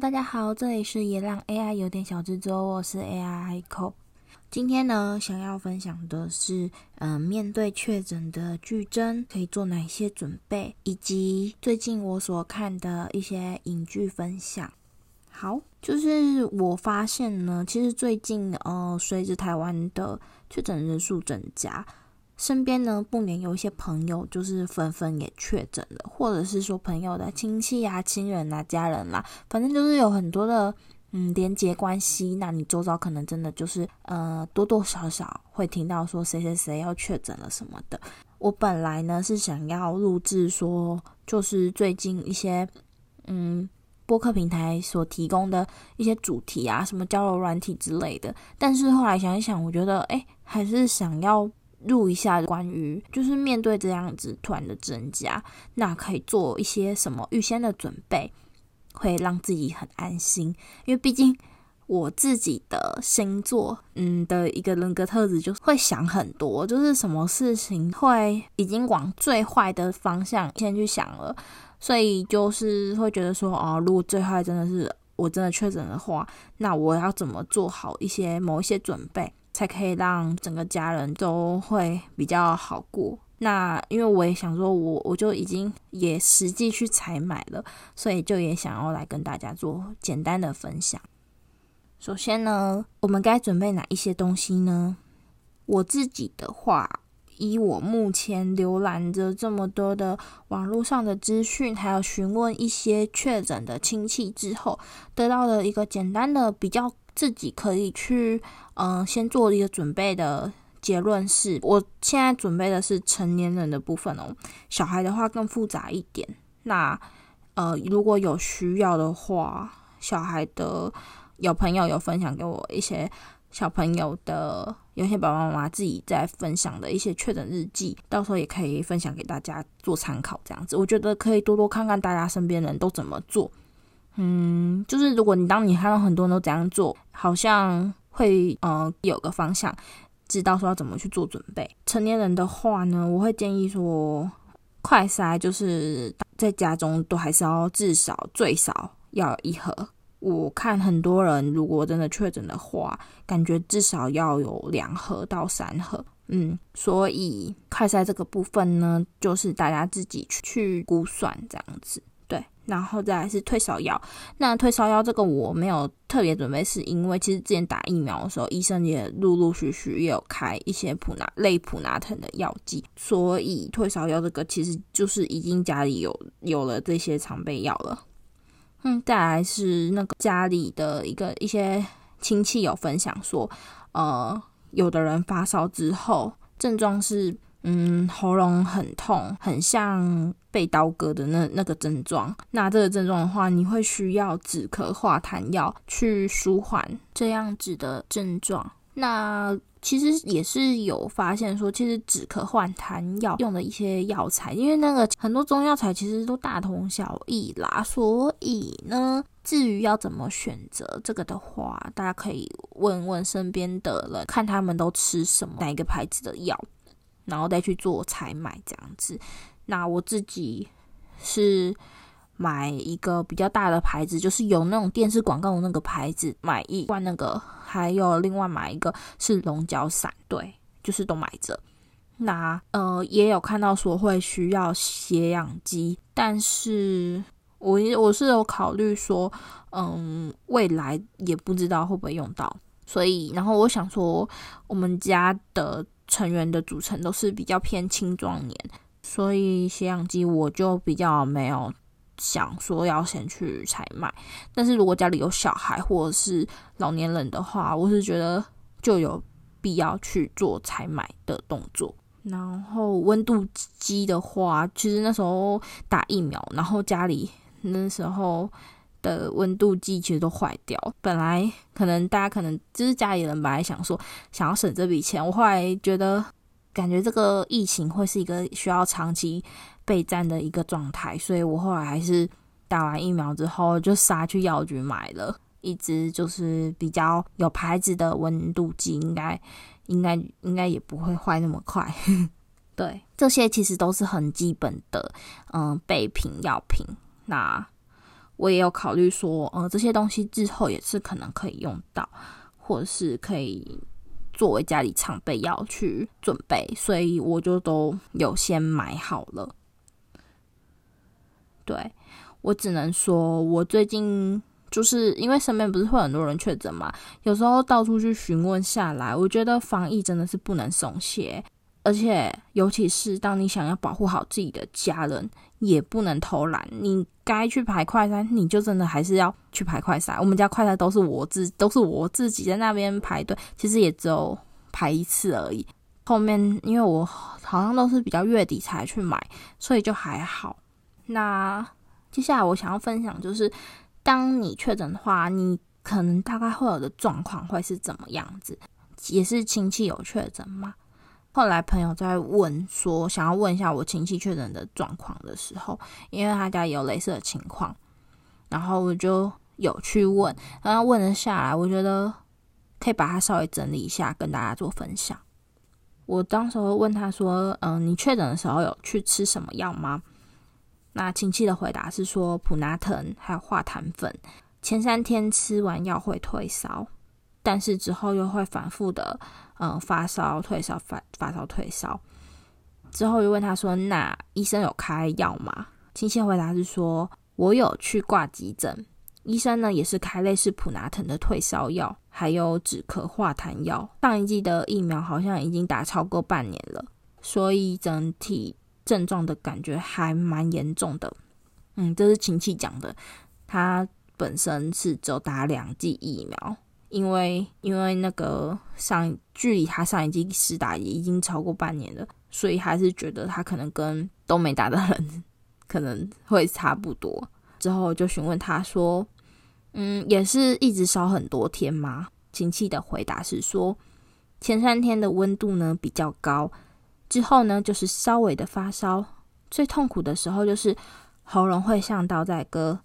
大家好，這裡是野浪 AI 有點小蜘蛛，我是 AI Coco。今天呢，想要分享的是，嗯、呃，面對確診的劇增，可以做哪些準備，以及最近我所看的一些影劇分享。好，就是我發現呢，其實最近，呃，隨着台灣的確診人數增加。身邊呢，不免有一些朋友就是紛紛也確診了，或者是說朋友的親戚呀、啊、親人啊、家人啦、啊，反正就是有很多的嗯連接關係。那你周遭可能真的就是呃多多少少會聽到說誰誰誰要確診了什麼的。我本來呢是想要錄製說，就是最近一些嗯播客平台所提供的一些主題啊，什麼交友軟體之類的，但是後來想一想，我覺得哎還是想要。錄一下關於就是面對這樣子突然的增加，那可以做一些什麼預先的準備，會讓自己很安心。因為畢竟我自己的星座，嗯的一個人格特質，就是會想很多，就是什麼事情會已經往最壞的方向先去想了，所以就是會覺得說，哦，如果最壞真的是我真的確診的話，那我要怎麼做好一些某一些準備？才可以讓整個家人都會比較好過。那因為我也想說我，我我就已經也實際去採買了，所以就也想要來跟大家做簡單的分享。首先呢，我們該準備哪一些東西呢？我自己的話，以我目前瀏覽着這麼多的網絡上的資訊，還有詢問一些確診的親戚之後，得到了一個簡單的比較。自己可以去，嗯、呃，先做一個準備的結論是，我現在準備的是成年人的部分哦。小孩的話更複雜一點。那，呃，如果有需要的話，小孩的有朋友有分享給我一些小朋友的，有些爸爸媽媽自己在分享的一些確診日記，到時候也可以分享給大家做參考。這樣子，我覺得可以多多看看大家身邊人都怎麼做。嗯，就是如果你當你看到很多人都這樣做，好像會呃有個方向，知道說要怎麼去做準備。成年人的話呢，我會建議說快篩就是在家中都還是要至少最少要有一盒。我看很多人如果真的確診的話，感覺至少要有兩盒到三盒，嗯，所以快篩這個部分呢，就是大家自己去去估算這樣子。然後再來是退燒藥，那退燒藥這個我沒有特別準備，是因為其實之前打疫苗的時候，醫生也陸陸續續也有開一些普拿類普拿疼的藥劑，所以退燒藥這個其實就是已經家裡有有了這些常備藥了。嗯，再來是那個家裡的一個一些親戚有分享說，呃，有的人發燒之後，症狀是。嗯，喉嚨很痛，很像被刀割的那那個症狀。那這個症狀的話，你會需要止咳化痰藥去舒緩這樣子的症狀。那其實也是有發現說，其實止咳化痰藥用的一些藥材，因為那個很多中藥材其實都大同小異啦，所以呢，至於要怎麼選擇這個的話，大家可以問問身邊的人，看他們都吃什麼，哪一個牌子的藥。然後再去做採買這樣子，那我自己是買一個比較大的牌子，就是有那種電視廣告的那個牌子，買一罐那個，還有另外買一個是龍角散，對，就是都買着。那呃，也有看到說會需要血氧機，但是我我是有考慮說，嗯，未來也不知道會不會用到，所以然後我想說我們家的。成員的組成都是比較偏青壯年，所以血氧機我就比較沒有想說要先去採買。但是如果家裡有小孩或者是老年人的話，我是覺得就有必要去做採買的動作。然後溫度計的話，其實那時候打疫苗，然後家裡那時候。呃，溫度計其實都壞掉。本來可能大家可能就是家裡人本來想說想要省這筆錢，我後來覺得感覺這個疫情會是一個需要長期備戰的一個狀態，所以我後來還是打完疫苗之後就殺去藥局買了一支就是比較有牌子的溫度計，應該應該應該也不會壞那麼快。 對，這些其實都是很基本的，嗯，備品藥品那。我也有考慮說，嗯，這些東西之後也是可能可以用到，或者是可以作為家裡常備藥去準備，所以我就都有先買好了。對，我只能說我最近就是因為身邊不是會很多人確診嘛，有時候到處去詢問下來，我覺得防疫真的是不能鬆懈。而且，尤其是當你想要保護好自己的家人，也不能偷懶。你該去排快篩，你就真的還是要去排快篩。我們家快篩都是我自，都是我自己在那邊排隊，其實也只有排一次而已。後面因為我好像都是比較月底才去買，所以就還好。那接下來我想要分享就是，當你確診的話，你可能大概會有的狀況會是怎麼樣子？也是親戚有確診嗎？後來朋友在問說，想要問一下我親戚確診的狀況的時候，因為他家也有類似的情況，然後我就有去問，然後問了下來，我覺得可以把它稍微整理一下，跟大家做分享。我當時候問他說：“嗯，你確診的時候有去吃什麼藥嗎？”那親戚的回答是說：“普拿疼還有化痰粉，前三天吃完藥會退燒。”但是之後又會反覆的，嗯，發燒、退燒、發發燒、退燒。之後又問他說：“那醫生有開藥嗎？”親戚回答是說：“我有去掛急診，醫生呢也是開類似普拿疼的退燒藥，還有止咳化痰藥。上一季的疫苗好像已經打超過半年了，所以整體症狀的感覺還蠻嚴重的。嗯，這是親戚講的，他本身是只有打兩劑疫苗。”因為因為那個上距離他上一劑施打也已經超過半年了，所以還是覺得他可能跟都沒打的人可能會差不多。之後就詢問他說：“嗯，也是一直燒很多天嗎？”親戚的回答是說：“前三天的溫度呢比較高，之後呢就是稍微的發燒，最痛苦的時候就是喉嚨會像刀在割。”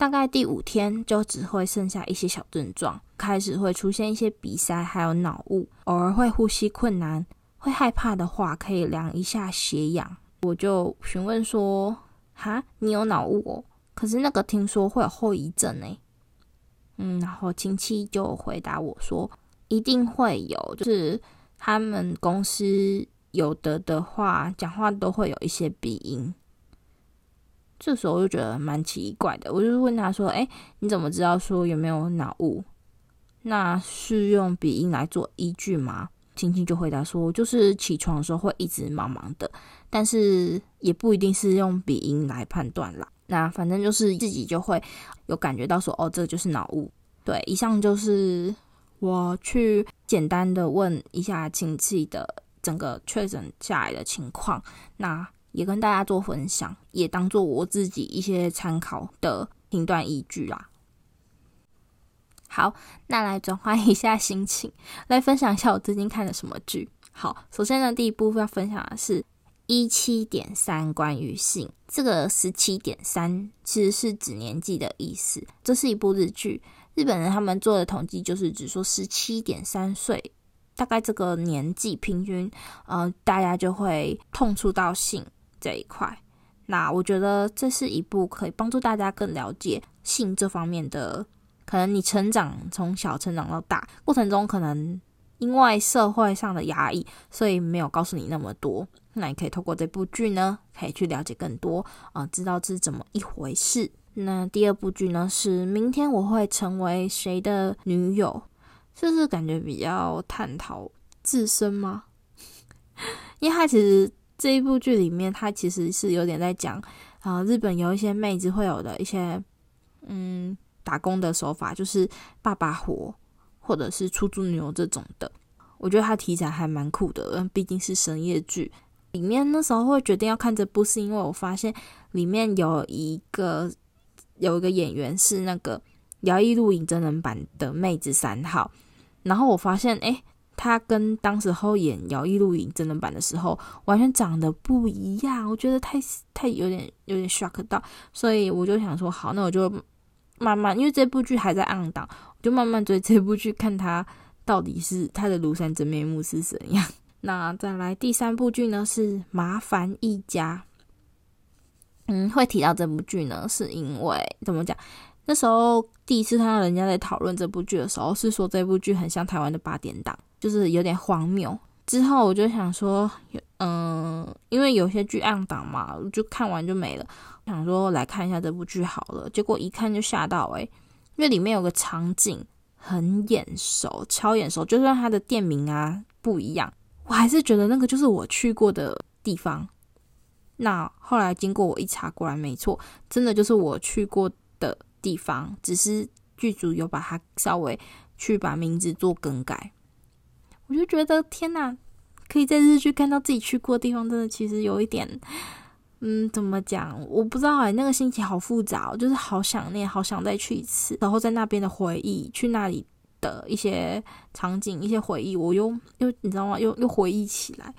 大概第五天就只會剩下一些小症狀，開始會出現一些鼻塞，還有腦霧，偶爾會呼吸困難。會害怕的話，可以量一下血氧。我就詢問說：“哈，你有腦霧哦？可是那個聽說會有後遺症欸。”嗯，然後親戚就回答我說：“一定會有，就是他們公司有的的話，講話都會有一些鼻音。”這時候我就覺得蠻奇怪的，我就問他說：“哎，你怎麼知道說有沒有腦霧？那是用鼻音來做依據嗎？”親戚就回答說：“就是起床的時候會一直茫茫的，但是也不一定是用鼻音來判斷啦。那反正就是自己就會有感覺到說，哦，這就是腦霧。”對，以上就是我去簡單的問一下親戚的整個確診下來的情況。那。也跟大家做分享，也當做我自己一些參考的評斷依據啦。好，那來轉換一下心情，來分享一下我最近看的什麼劇。好，首先呢，第一部分要分享的是一七點三關於性。這個十七點三其實是指年紀的意思，這是一部日劇，日本人他們做的統計就是指說十七點三歲，大概這個年紀平均，呃，大家就會痛觸到性。這一塊，那我覺得這是一部可以幫助大家更了解性這方面的，可能你成長從小成長到大過程中，可能因為社會上的壓抑，所以沒有告訴你那麼多。那你可以透過這部劇呢，可以去了解更多啊、呃，知道這是怎麼一回事。那第二部劇呢，是《明天我會成為誰的女友》，就是感覺比較探討自身嗎？ 因為它其實。這一部劇裡面，它其實是有點在講，啊、嗯，日本有一些妹子會有的一些，嗯，打工的手法，就是爸爸活，或者是出租女友這種的。我覺得它題材還蠻酷的，畢竟是深夜劇。裡面那時候會決定要看這部，是因為我發現裡面有一個有一個演員是那個《搖曳露營》真人版的妹子三號，然後我發現，哎、欸。他跟當時候演《搖曳露營》真人版的時候完全長得不一樣，我覺得太太有點有點 shock 到，所以我就想說，好，那我就慢慢，因為這部劇還在 on 檔，我就慢慢追這部劇，看他到底是他的廬山真面目是怎樣。那再來第三部劇呢，是《麻煩一家》。嗯，會提到這部劇呢，是因為怎麼講？那時候第一次看到人家在討論這部劇的時候，是說這部劇很像台灣的八點檔。就是有點荒謬。之後我就想說，嗯，因為有些劇暗檔嘛，就看完就沒了。想說來看一下這部劇好了，結果一看就嚇到誒、欸。因為裡面有個場景很眼熟，超眼熟，就算它的店名啊不一樣，我還是覺得那個就是我去過的地方。那後來經過我一查過來，果然沒錯，真的就是我去過的地方，只是劇組有把它稍微去把名字做更改。我就覺得天吶，可以在日劇看到自己去過的地方，真的其實有一點，嗯，怎麼講？我不知道哎，欸，那個心情好複雜哦，就是好想念，好想再去一次，然後在那邊的回憶，去那裡的一些場景、一些回憶，我又又，你知道嗎？又又回憶起來，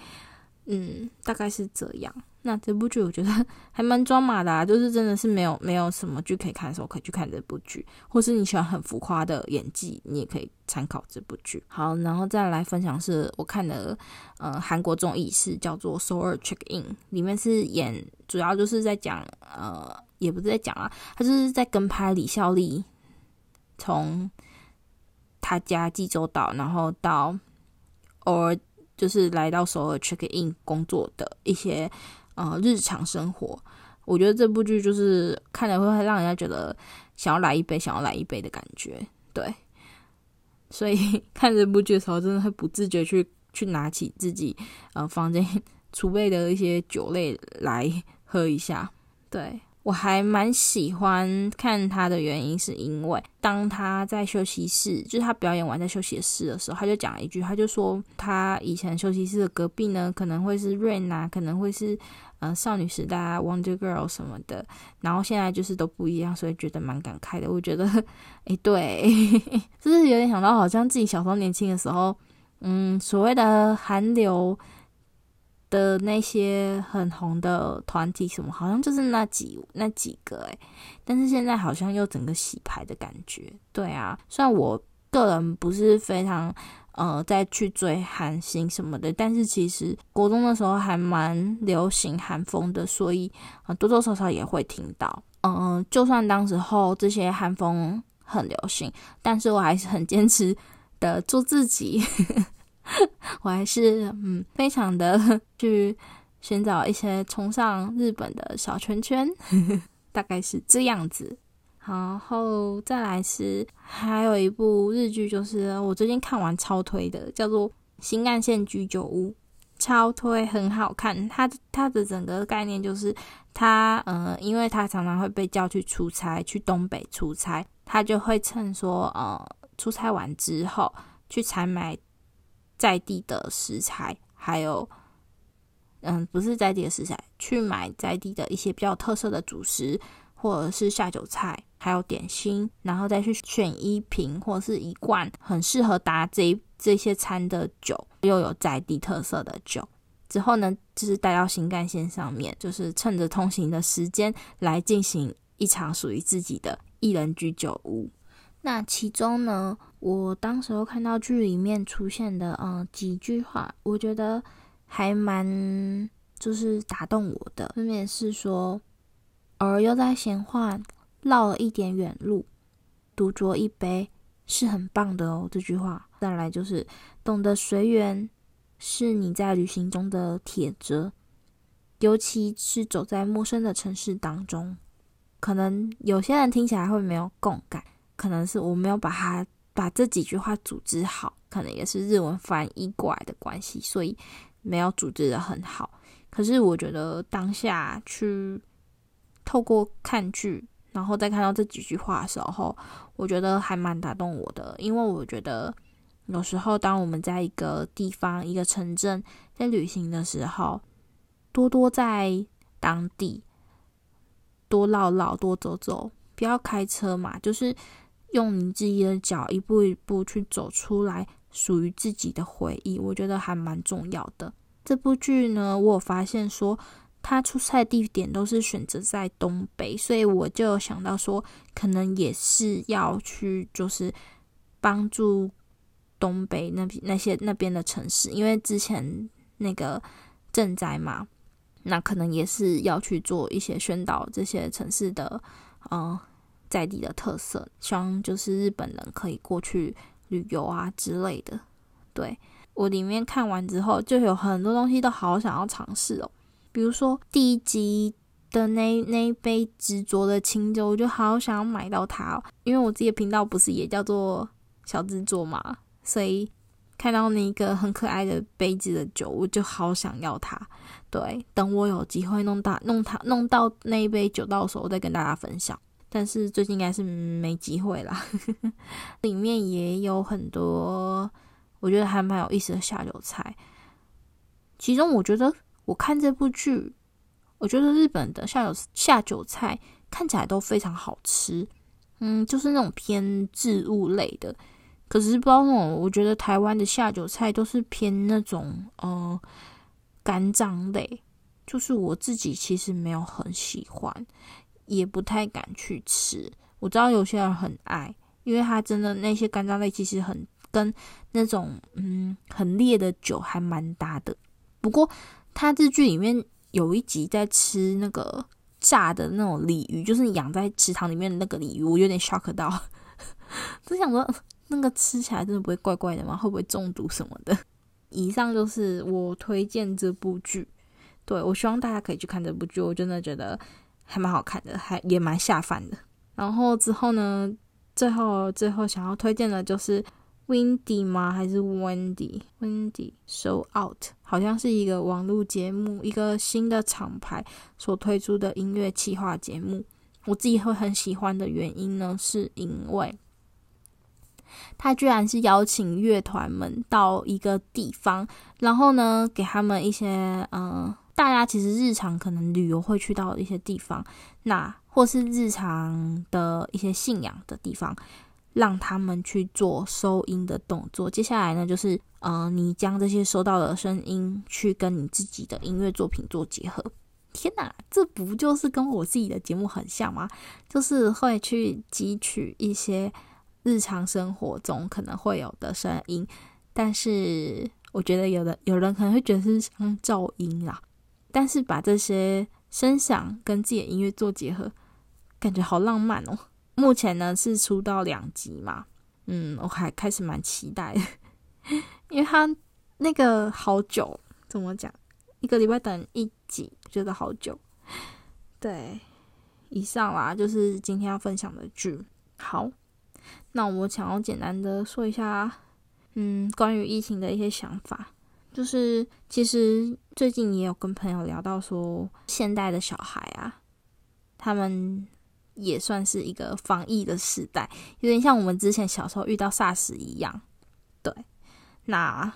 嗯，大概是這樣。那這部劇我覺得還蠻抓馬的啊，就是真的是沒有沒有什麼劇可以看的時候，可以去看這部劇，或是你喜歡很浮誇的演技，你也可以參考這部劇。好，然後再來分享是我看的，呃，韓國綜藝是叫做《首爾 Check In》，裡面是演主要就是在講，呃，也不是在講啊，他就是在跟拍李孝利，從他家濟州島，然後到偶爾就是來到首爾 Check In 工作的一些。啊、呃，日常生活，我覺得這部劇就是看了會讓人家覺得想要來一杯，想要來一杯的感覺，對。所以看這部劇的時候，真的會不自覺去去拿起自己，呃，房間儲備的一些酒類來喝一下，對。我還蠻喜歡看他的原因，是因為當他在休息室，就是他表演完在休息室的時候，他就講了一句，他就說他以前休息室的隔壁呢，可能會是 Rain 啊，可能會是嗯、呃、少女時代啊、Wonder Girl 什麼的，然後現在就是都不一樣，所以覺得蠻感慨的。我覺得，哎，對， 就是有點想到好像自己小時候年輕的時候，嗯，所謂的韓流。的那些很紅的團體什麼，好像就是那幾那幾個誒，但是現在好像又整個洗牌的感覺。對啊，雖然我個人不是非常呃再去追韓星什麼的，但是其實國中的時候還蠻流行韓風的，所以、呃、多多少少也會聽到。嗯、呃，就算當時候這些韓風很流行，但是我還是很堅持的做自己。 我還是嗯，非常的去尋找一些衝上日本的小圈圈， 大概是這樣子。然後再來是還有一部日劇，就是我最近看完超推的，叫做《新幹線居酒屋》，超推，很好看。它它的整個概念就是，他嗯、呃，因為他常常會被叫去出差，去東北出差，他就會趁說呃，出差完之後去採買。在地的食材，還有，嗯，不是在地的食材，去買在地的一些比較特色的主食，或者是下酒菜，還有點心，然後再去選一瓶或是一罐很適合搭這這些餐的酒，又有在地特色的酒。之後呢，就是帶到新幹線上面，就是趁着通行的時間來進行一場屬於自己的一人居酒屋。那其中呢，我當時候看到劇裡面出現的，嗯，幾句話，我覺得還蠻就是打動我的。分別是說，偶爾又在閒話繞了一點遠路，獨酌一杯是很棒的哦，這句話。再來就是懂得隨緣是你在旅行中的鐵則，尤其是走在陌生的城市當中，可能有些人聽起來會沒有共感。可能是我沒有把它把這幾句話組織好，可能也是日文翻譯過來的關係，所以沒有組織得很好。可是我覺得當下去透過看劇，然後再看到這幾句話的時候，我覺得還蠻打動我的。因為我覺得有時候當我們在一個地方、一個城鎮在旅行的時候，多多在當地多繞繞、多走走，不要開車嘛，就是。用你自己的腳一步一步去走出來屬於自己的回憶，我覺得還蠻重要的。這部劇呢，我發現說他出差地點都是選擇在東北，所以我就想到說，可能也是要去，就是幫助東北那那些那邊的城市，因為之前那個賑災嘛，那可能也是要去做一些宣導這些城市的，嗯。在地的特色，希望就是日本人可以過去旅遊啊之類的。對，我裡面看完之後，就有很多東西都好想要嘗試哦。比如說第一集的那那一杯執着的清酒，我就好想要買到它哦。因為我自己的頻道不是也叫做小製作嘛，所以看到那一個很可愛的杯子的酒，我就好想要它。對，等我有機會弄大弄它弄到那一杯酒到時候，我再跟大家分享。但是最近應該是沒機會啦。 裡面也有很多我覺得還蠻有意思的下酒菜，其中我覺得我看這部劇，我覺得日本的下酒下酒菜看起來都非常好吃，嗯，就是那種偏植物類的。可是包括我，我覺得台灣的下酒菜都是偏那種嗯、呃、肝臟類，就是我自己其實沒有很喜歡。也不太敢去吃。我知道有些人很愛，因為他真的那些肝臟類其實很跟那種嗯很烈的酒還蠻搭的。不過他這劇裡面有一集在吃那個炸的那種鯉魚，就是養在池塘裡面那個鯉魚，我有點 shock 到， 就想說那個吃起來真的不會怪怪的嗎？會不會中毒什麼的？以上就是我推薦這部劇。對，我希望大家可以去看這部劇，我真的覺得。還蠻好看的，還也蠻下飯的。然後之後呢，最後最後想要推薦的就是 WINDIE 嗎？還是 WINDIE WINDIE Show Out？好像是一個網絡節目，一個新的廠牌所推出的音樂企劃節目。我自己會很喜歡的原因呢，是因為他居然是邀請樂團們到一個地方，然後呢，給他們一些嗯。呃大家其實日常可能旅遊會去到的一些地方，那或是日常的一些信仰的地方，讓他們去做收音的動作。接下來呢，就是嗯、呃，你將這些收到的聲音去跟你自己的音樂作品做結合。天哪，這不就是跟我自己的節目很像嗎？就是會去汲取一些日常生活中可能會有的聲音，但是我覺得有的有人可能會覺得是像噪音啦。但是把這些聲響跟自己的音樂做結合，感覺好浪漫哦。目前呢是出到兩集嘛，嗯，我還開始蠻期待的，因為他那個好久，怎麼講，一個禮拜等一集，覺得好久。對，以上啦，就是今天要分享的劇。好，那我想要簡單的說一下，嗯，關於疫情的一些想法。就是，其實最近也有跟朋友聊到說，說現代的小孩啊，他們也算是一個防疫的時代，有點像我們之前小時候遇到 SARS 一樣。對，那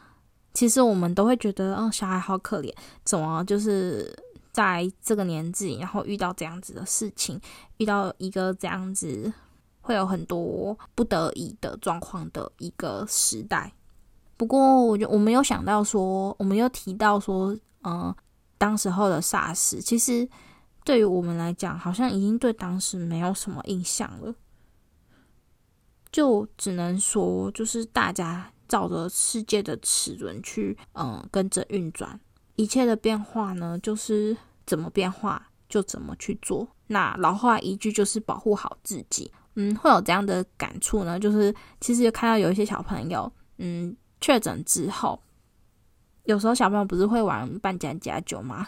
其實我們都會覺得，嗯、哦、小孩好可憐，怎麼就是在這個年紀，然後遇到這樣子的事情，遇到一個這樣子會有很多不得已的狀況的一個時代。不過，我就我沒有想到說，我們又提到說，嗯，當時候的 SARS，其實對於我們來講，好像已經對當時沒有什麼印象了。就只能說，就是大家照着世界的齒輪去，嗯，跟着運轉，一切的變化呢，就是怎麼變化就怎麼去做。那老話一句，就是保護好自己。嗯，會有這樣的感觸呢，就是其實看到有一些小朋友，嗯。確診之後，有時候小朋友不是會玩扮家家酒嗎？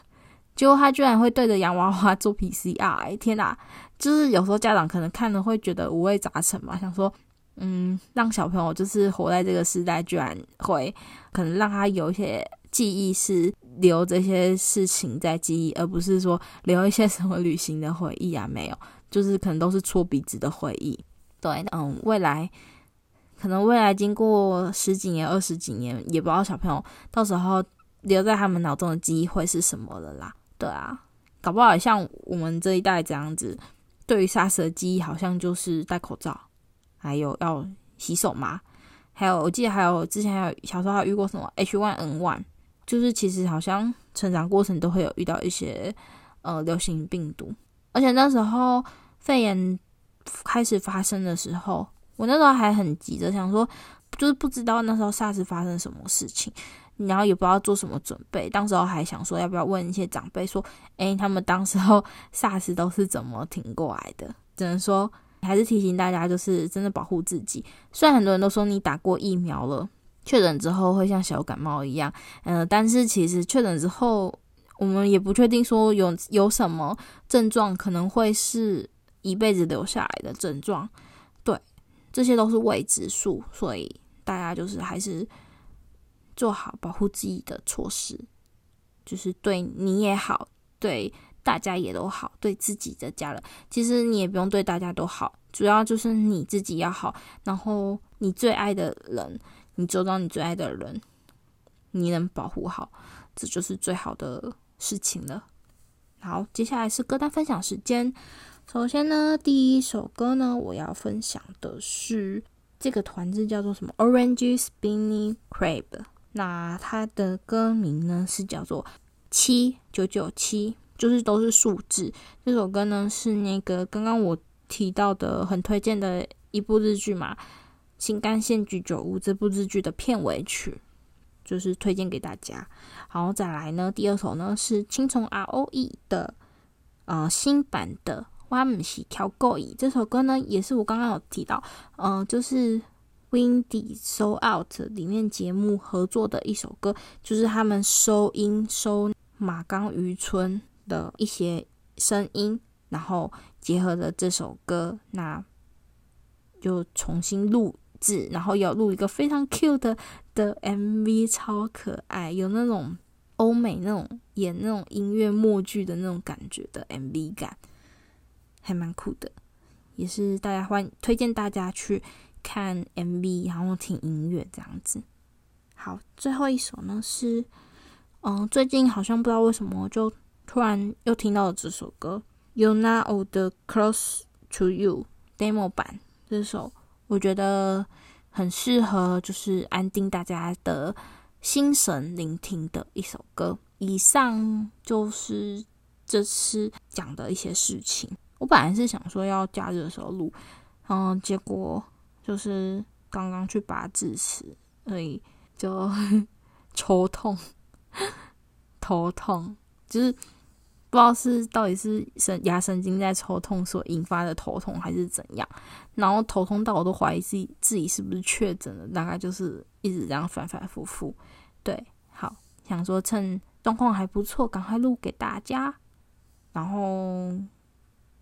結果他居然會對着洋娃娃做 PCR，欸，天哪！就是有時候家長可能看了會覺得五味雜陳嘛，想說，嗯，讓小朋友就是活在這個時代，居然會可能讓他有一些記憶是留這些事情在記憶，而不是說留一些什麼旅行的回憶啊，沒有，就是可能都是戳鼻子的回憶。對，嗯，未來。可能未來經過十幾年、二十幾年，也不知道小朋友到時候留在他們腦中的記憶會是什麼了啦。對啊，搞不好像我們這一代這樣子，對於 SARS 的記憶好像就是戴口罩，還有要洗手嘛。還有，我記得還有之前還有小時候還有遇過什麼 H1N1，就是其實好像成長過程都會有遇到一些呃流行病毒，而且那時候肺炎開始發生的時候。我那時候還很急着想說，就是不知道那時候 SARS 發生什麼事情，然後也不知道做什麼準備。當時候還想說要不要問一些長輩說，說誒，他們當時候 SARS 都是怎麼挺過來的？只能說還是提醒大家，就是真的保護自己。雖然很多人都說你打過疫苗了，確診之後會像小感冒一樣，嗯、呃，但是其實確診之後，我們也不確定說有有什麼症狀可能會是一輩子留下來的症狀，對。這些都是未知數，所以大家就是還是做好保護自己的措施，就是對你也好，對大家也都好，對自己的家人，其實你也不用對大家都好，主要就是你自己要好，然後你最愛的人，你做到你最愛的人，你能保護好，這就是最好的事情了。好，接下來是歌單分享時間。首先呢，第一首歌呢，我要分享的是這個團子叫做什麼？Orange Spiny Club。那它的歌名呢是叫做七九九七，就是都是數字。這首歌呢是那個剛剛我提到的很推薦的一部日劇嘛，《新幹線居酒屋這部日劇的片尾曲，就是推薦給大家。然後再來呢，第二首呢是青蟲 aoi 的，呃，新版的。我毋是刁故意這首歌呢，也是我剛剛有提到，嗯、呃，就是 WINDIE 收 OUT 裡面節目合作的一首歌，就是他們收音收馬崗漁村的一些聲音，然後結合了這首歌，那就重新錄制，然後要錄一個非常 cute 的,的 MV，超可愛，有那種歐美那種演那種音樂默劇的那種感覺的 MV 感。還蠻酷的，也是大家歡推薦大家去看 MV，然後聽音樂這樣子。好，最後一首呢是，嗯，最近好像不知道為什麼我就突然又聽到了這首歌《yonawo Close To You》Demo 版。這首我覺得很適合就是安定大家的心神，聆聽的一首歌。以上就是這次講的一些事情。我本來是想說要假日的時候錄，然、嗯、後結果就是剛剛去拔智齒，所以就抽痛、頭痛，就是不知道是到底是神牙神經在抽痛所引發的頭痛，還是怎樣。然後頭痛到我都懷疑自己自己是不是確診了，大概就是一直這樣反反复复。對，好想說趁狀況還不錯，趕快錄給大家，然後。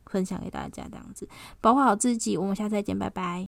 分享給大家，這樣子保護好自己。我們下次再見，拜拜。